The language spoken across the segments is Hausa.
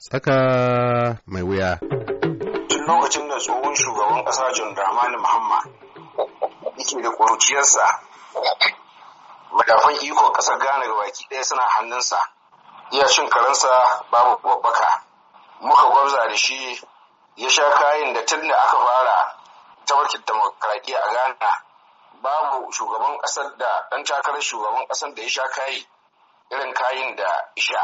Tsaka mai wuya. Tun lokacin da tsohon shugaban kasa John Dramani Muhammad yake da ƙuruciyarsa, madafan ikon ƙasar Ghana ga baki ɗaya suna hannunsa, iya cin karansa babu babbaka. Muka gwamza da shi ya sha kayan da tun da aka fara ta tabarkin demokradiyya a Ghana babu shugaban ƙasar da ɗan takarar shugaban ƙasar da ya sha kayi irin kayan da isha.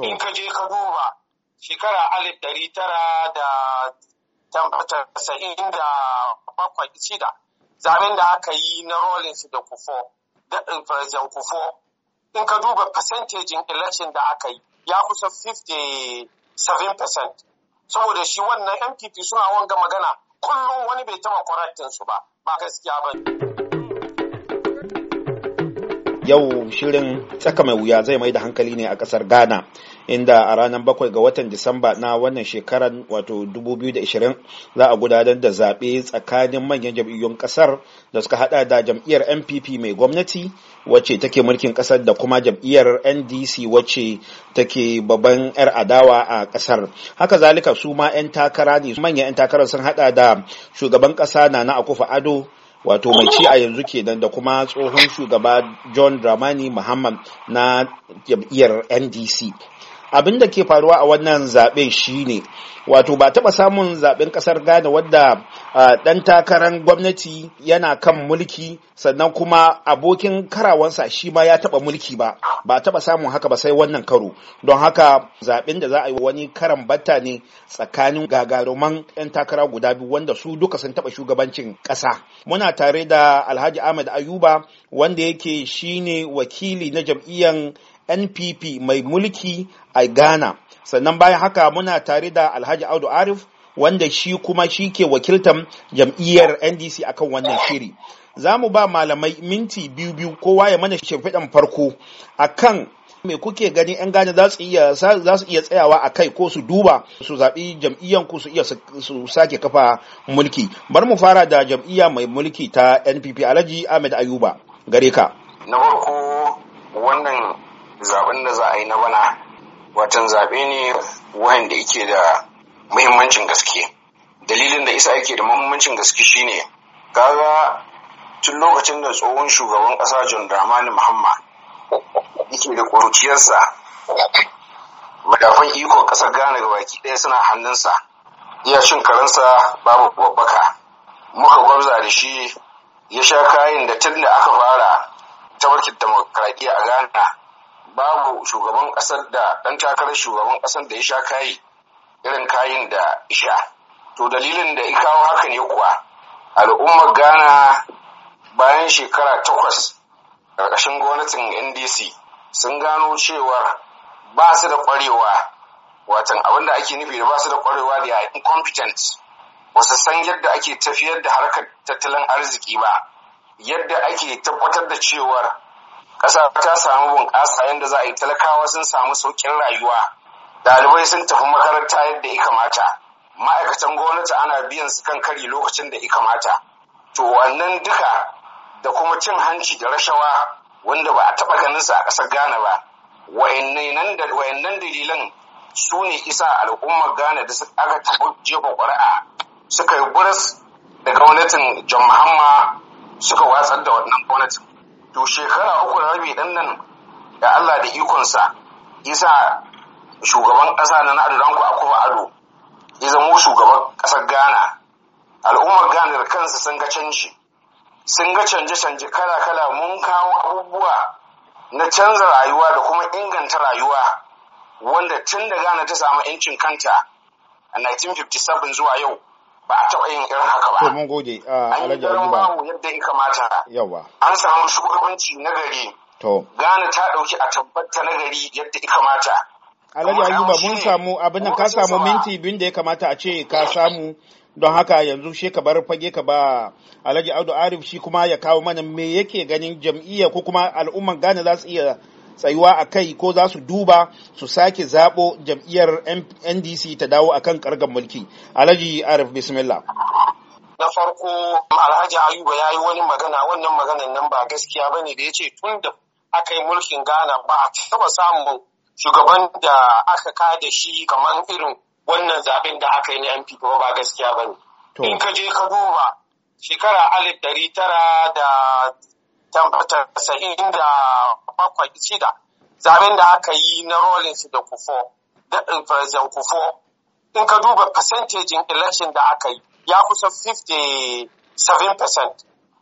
In ka je ka duba shekara alif ɗari tara da tasa'in da bakwai shida zaben da aka yi na Rawlings da Kufo da President eh, Kufo in ka duba percentage election da aka yi ya kusa 57% saboda shi wannan MPP suna wanga magana kullum wani bai taba correcting su ba ba gaskiya ba Yau shirin tsaka mai wuya zai mai da hankali ne a kasar Ghana inda a ranar bakwai ga watan disamba na wannan shekarar wato 2020 za a gudanar da zaɓe tsakanin manyan jam'iyyun ƙasar da suka hada da jam'iyyar npp mai gwamnati wacce take mulkin ƙasar da kuma jam'iyyar ndc wacce take babban 'yar adawa a ƙasar haka zalika su ma 'yan takara ne manyan 'yan takarar sun hada da shugaban ƙasa na na akufa ado wato mai ci a yanzu kenan da kuma tsohon shugaba john dramani muhammad na jam'iyyar ndc abin da ke faruwa a wannan zaɓen shine wato ba taɓa samun zaɓen ƙasar ghana wadda ɗan takarar gwamnati yana kan mulki sannan kuma abokin karawansa shi ma ya taba mulki ba ba taba samun haka ba sai wannan karo don haka zaɓen da za a yi wani karan batta ne tsakanin gagaruman 'yan takara guda biyu wanda su duka sun taɓa shugabancin ƙasa muna tare da alhaji ahmed ayuba wanda yake shine wakili na jam'iyyar npp mai mulki a ghana sannan bayan haka muna tare da alhaji audu arif wanda shi kuma shi ke wakiltar jam'iyyar ndc akan wannan shiri za mu ba malamai minti biyu biyu kowa ya mana shimfiɗan farko akan me kuke gani 'yan gane za su iya tsayawa a kai ko su duba su zaɓi jam'iyyan ku su iya su sake kafa mulki bari mu fara da jam'iyya mai mulki ta npp alhaji ahmed ayuba gare ka na farko wannan zaben da za a yi na bana watan zaɓe ne wanda yake da muhimmancin gaske dalilin da isa yake da muhimmancin gaske shine kaga tun lokacin da tsohon shugaban ƙasa john dramani muhamma yake da ƙuruciyarsa madafan ikon ƙasar ghana ga baki ɗaya suna hannunsa iya cin karansa babu babbaka muka gwabza da shi ya sha kayan da tun da aka fara ta barkin demokradiyya a ghana babu shugaban ƙasar da ɗan takarar shugaban ƙasar da ya sha kayi irin kayin da isha to dalilin da ya kawo haka ne kuwa al'ummar ghana bayan shekara takwas ƙarƙashin gwamnatin ndc sun gano cewa ba su da ƙwarewa watan abinda ake nufi da ba su da ƙwarewa da incompetent wasu san yadda ake tafiyar da harkar tattalin arziki ba yadda ake tabbatar da cewar ƙasa ta samu bunƙasa yadda za a yi talakawa sun samu sauƙin rayuwa Dalibai sun tafi makaranta yadda ya kamata ma'aikatan gwamnati ana biyan su kan kari lokacin da ya kamata to wannan duka da kuma cin hanci da rashawa wanda ba a taɓa ganin sa a ƙasar Ghana ba wayannan dalilan su ne isa al'ummar Ghana da aka taɓa jefa ƙuri'a suka yi buras da gwamnatin John suka watsar da wannan gwamnatin to shekara uku da rabi ɗannan, nan da Allah da ikonsa isa shugaban ƙasa na Nadu Danko Akufo Ado ya zama shugaban ƙasar Ghana al'ummar Ghana da kansu sun ga canji sun ga canje-canje kala-kala mun kawo abubuwa na canza rayuwa da kuma inganta rayuwa wanda tun da Ghana ta samu 'yancin kanta a 1957 zuwa yau ba a taɓa yin irin haka ba. To mun gode uh, Alhaji ba. An yadda ya kamata. Yawa. An samu shugabanci na gari. To. Gana ta ɗauki a tabbata na gari yadda ya kamata. Alhaji ba mun samu abin da ka samu minti biyun da ya kamata a ce ka samu don haka yanzu shi ka bar fage ka ba Alhaji Audu Arif shi kuma ya kawo mana me yake ganin jam'iyya ko kuma al'umman Ghana za su iya tsayuwa a kai ko za su duba su sake zaɓo jam'iyyar ndc ta dawo a kan kargan mulki alhaji arif bismillah na farko alhaji ayuba ya yi wani magana wannan maganan nan ba gaskiya ba ne da ya ce tun da aka yi mulkin ghana ba a taɓa samun shugaban da aka ka da shi kamar irin wannan zaɓen da aka yi na mp ba ba gaskiya ba ne. in ka je ka duba shekara alif ɗari tara da tabbatar sa'in da bakwai shida zaben da aka yi na Rollins da kufo da eh, president kufo in ka duba percentage election da aka yi ya kusa 57%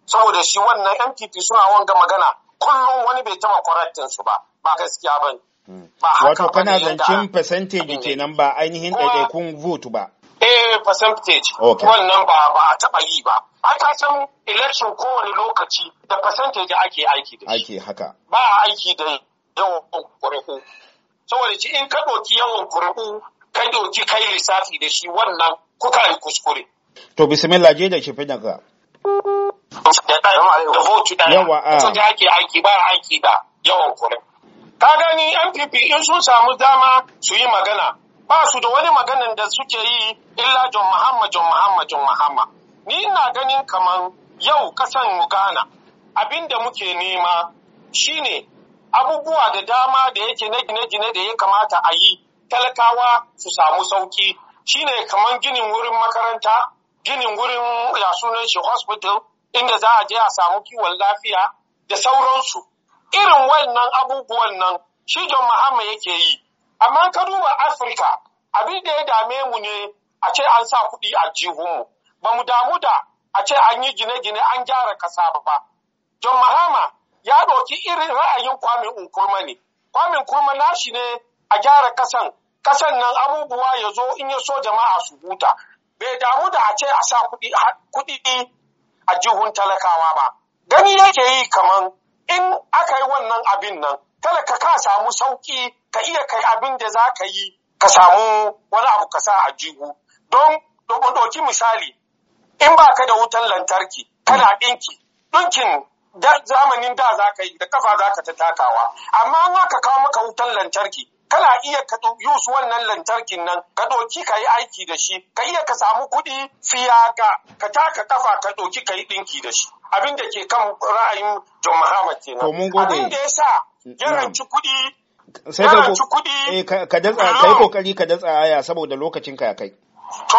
saboda shi wannan MPP suna wanga magana kullum wani bai taba correcting su ba ba gaskiya bane hmm. wato kana zancin percentage kenan ba ainihin ɗaiɗaikun vote ba eh percentage wannan ba ba a taba yi ba an ka san election kowane lokaci da percentage ake aiki da shi. Ake haka. Ba a aiki da yawan kuri'u. Saboda ci in ka yawan kuri'u ka ɗauki kai lissafi da shi wannan kuka yi kuskure. To bismillah je da shi fi daga. Da ɗaya. Yawa a. Sun ake aiki ba aiki da yawan kuri'u. Ka gani MPP in sun samu dama su yi magana ba su da wani maganin da suke yi illa John Muhammad John Muhammad John Muhammad. ni na ganin kamar yau kasan mu Ghana abin da muke nema shine abubuwa da dama da yake na gine-gine da ya kamata a yi talakawa su samu sauki shine kamar ginin wurin makaranta ginin wurin ya sunan shi hospital inda za a je a samu kiwon lafiya da sauransu irin wannan abubuwan nan shi John Mahama yake yi amma ka duba Afirka abin da ya dame mu ne a ce an sa kuɗi a jihunmu ba mu damu da a ce an yi gine-gine an gyara kasa ba. John Mahama ya ɗauki irin ra'ayin kwamin Nkrumah ne. Kwamin Nkrumah nashi ne a gyara kasan, kasan nan abubuwa ya zo in ya so jama'a su huta. Bai damu da a ce a sa kuɗi a jihun talakawa ba. Gani yake yi kaman in aka yi wannan abin nan, talaka ka samu sauƙi ka iya kai abin da za ka yi ka samu wani abu ka sa a jihu. Don, ɗauki misali, in ba ka da wutan lantarki kana ɗinki ɗinkin zamanin da za ka yi da kafa za ka ta takawa amma an aka kawo maka wutan lantarki kana iya ka su wannan lantarkin nan ka ɗoki ka yi aiki da shi ka iya ka samu kuɗi fiya ka ka taka kafa ka ɗoki ka yi ɗinki da shi abin da ke kan ra'ayin John Muhammad nan abin da ya sa mm, yaranci kuɗi sai kuɗi eh, ka yi kokari ka datsa aya saboda lokacin ka ya kai to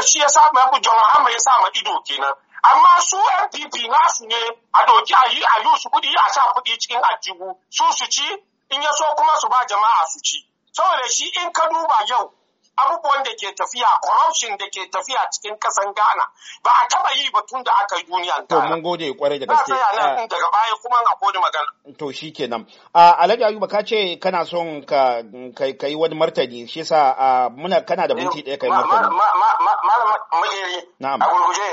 da shi ya sa ma John amma ya sa ma ido kenan amma su NPP nasu ne a doki a yi a yi su kudi a sa kudi cikin ajibu su su ci in ya so kuma su ba jama'a su ci saboda shi in ka duba yau abubuwan da ke tafiya corruption da ke tafiya cikin kasan Ghana ba a taba yi ba tun da aka yi duniyan Ghana. To mun gode kwarai da gaske. Ba nan eh. daga baya kuma a kodi magana. To shikenan a Alhaji Ayuba ka ce kana son ka kai wani martani shi yasa muna kana da minti ɗaya kai martani. Malam Mujeri. Na'am. A gurguje.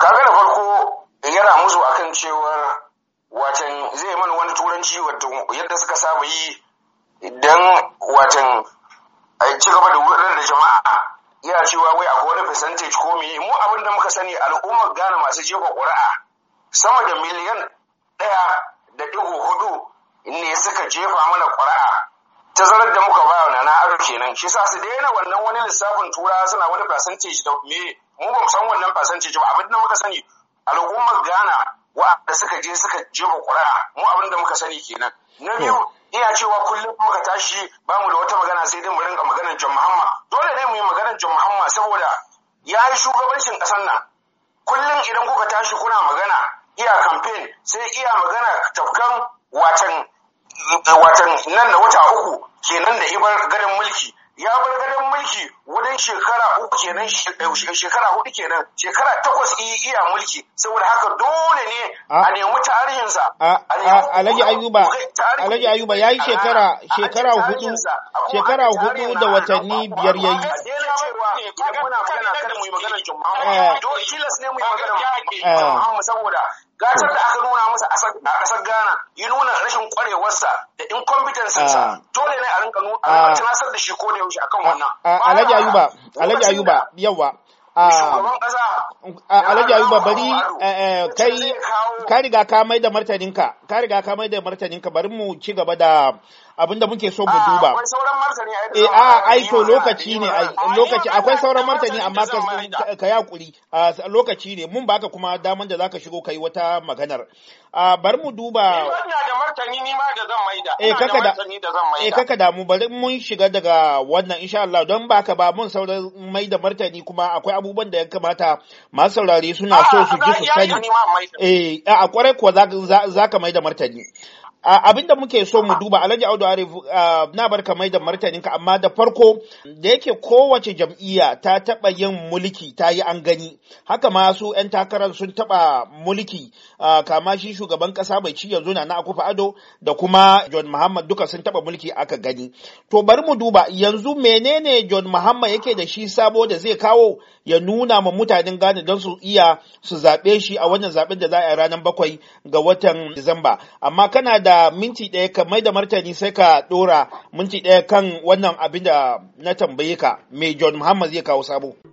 ga da farko yana musu akan cewar watan zai mana wani turanci yadda suka saba yi dan watan a ci gaba da gudanar da jama'a ya cewa wai akwai wani percentage ko me mu abin da muka sani al'ummar Ghana masu jefa ƙuri'a sama da miliyan ɗaya da digo hudu ne suka jefa mana ƙuri'a tazarar da muka bawa na na aro kenan shi sa su daina wannan wani lissafin tura suna wani percentage da me mu ba mu san wannan percentage ba abin da muka sani al'ummar Ghana wa'anda suka je suka jefa ƙuri'a mu abin da muka sani kenan na biyu ina cewa kullum muka tashi ba mu da wata magana sai dai mu rinka maganar John Muhammad dole ne mu yi maganar John Muhammad saboda ya yi shugabancin ƙasar nan kullum idan kuka tashi kuna magana iya campaign sai iya magana tafkan watan watan nan da wata uku kenan da ibar gadon mulki ya bar gadon mulki wajen shekara uku kenan eh, shekara hudu kenan shekara takwas iya mulki saboda haka dole ne a nemi tarihinsa alhaji ayuba alhaji ayuba yayi shekara shekara hudu shekara hudu da watanni biyar yayi muna magana kada mu yi magana jumma'a dole eh. tilas ne mu yi magana eh. saboda gasar da aka nuna masa a ƙasar Ghana yi nuna rashin ƙwarewarsa da incompetencinsa ah. dole ne a rinka ah. tunasar da shi ko da yaushe akan ah, wannan. Alhaji Ayuba, Alhaji Ayuba, yawa. Ah. Ah, Alhaji Ayuba bari eh, eh, kai ka riga ka mai da martaninka ka riga ka mai da martaninka bari mu ci gaba da abin da muke so mu ah, duba Aiko a lokaci ne lokaci akwai sauran martani eh, amma ka yakuri lokaci ne mun baka kuma damar da za ka shigo ka yi wata maganar bari mu duba ta ni nima da zan maida. Eh kaka da zan eh, maida. Eh kaka bari mun shiga daga wannan insha Allah don baka ba mun sauran maida martani kuma akwai abubuwan da ya kamata masu saurare suna so ah, su ji su sani. Eh a kwarai kuwa za ka maida martani. abin da muke so mu duba alhaji audu arif na bar kamar da martaninka amma da farko da yake kowace jam'iyya ta taba yin mulki ta yi an gani haka ma su 'yan takarar sun taɓa mulki kama shi shugaban kasa mai ci yanzu na akufa ado da kuma john muhammad duka sun taɓa mulki aka gani to bari mu duba yanzu menene john muhammad yake da shi sabo da zai kawo ya nuna ma mutanen gane don su iya su zaɓe shi a wannan zaɓen da za a yi ranar bakwai ga watan disamba amma kana da da minti ɗaya ka mai da martani sai ka ɗora minti ɗaya kan wannan abin da na tambaye ka mai John Muhammad zai kawo sabo.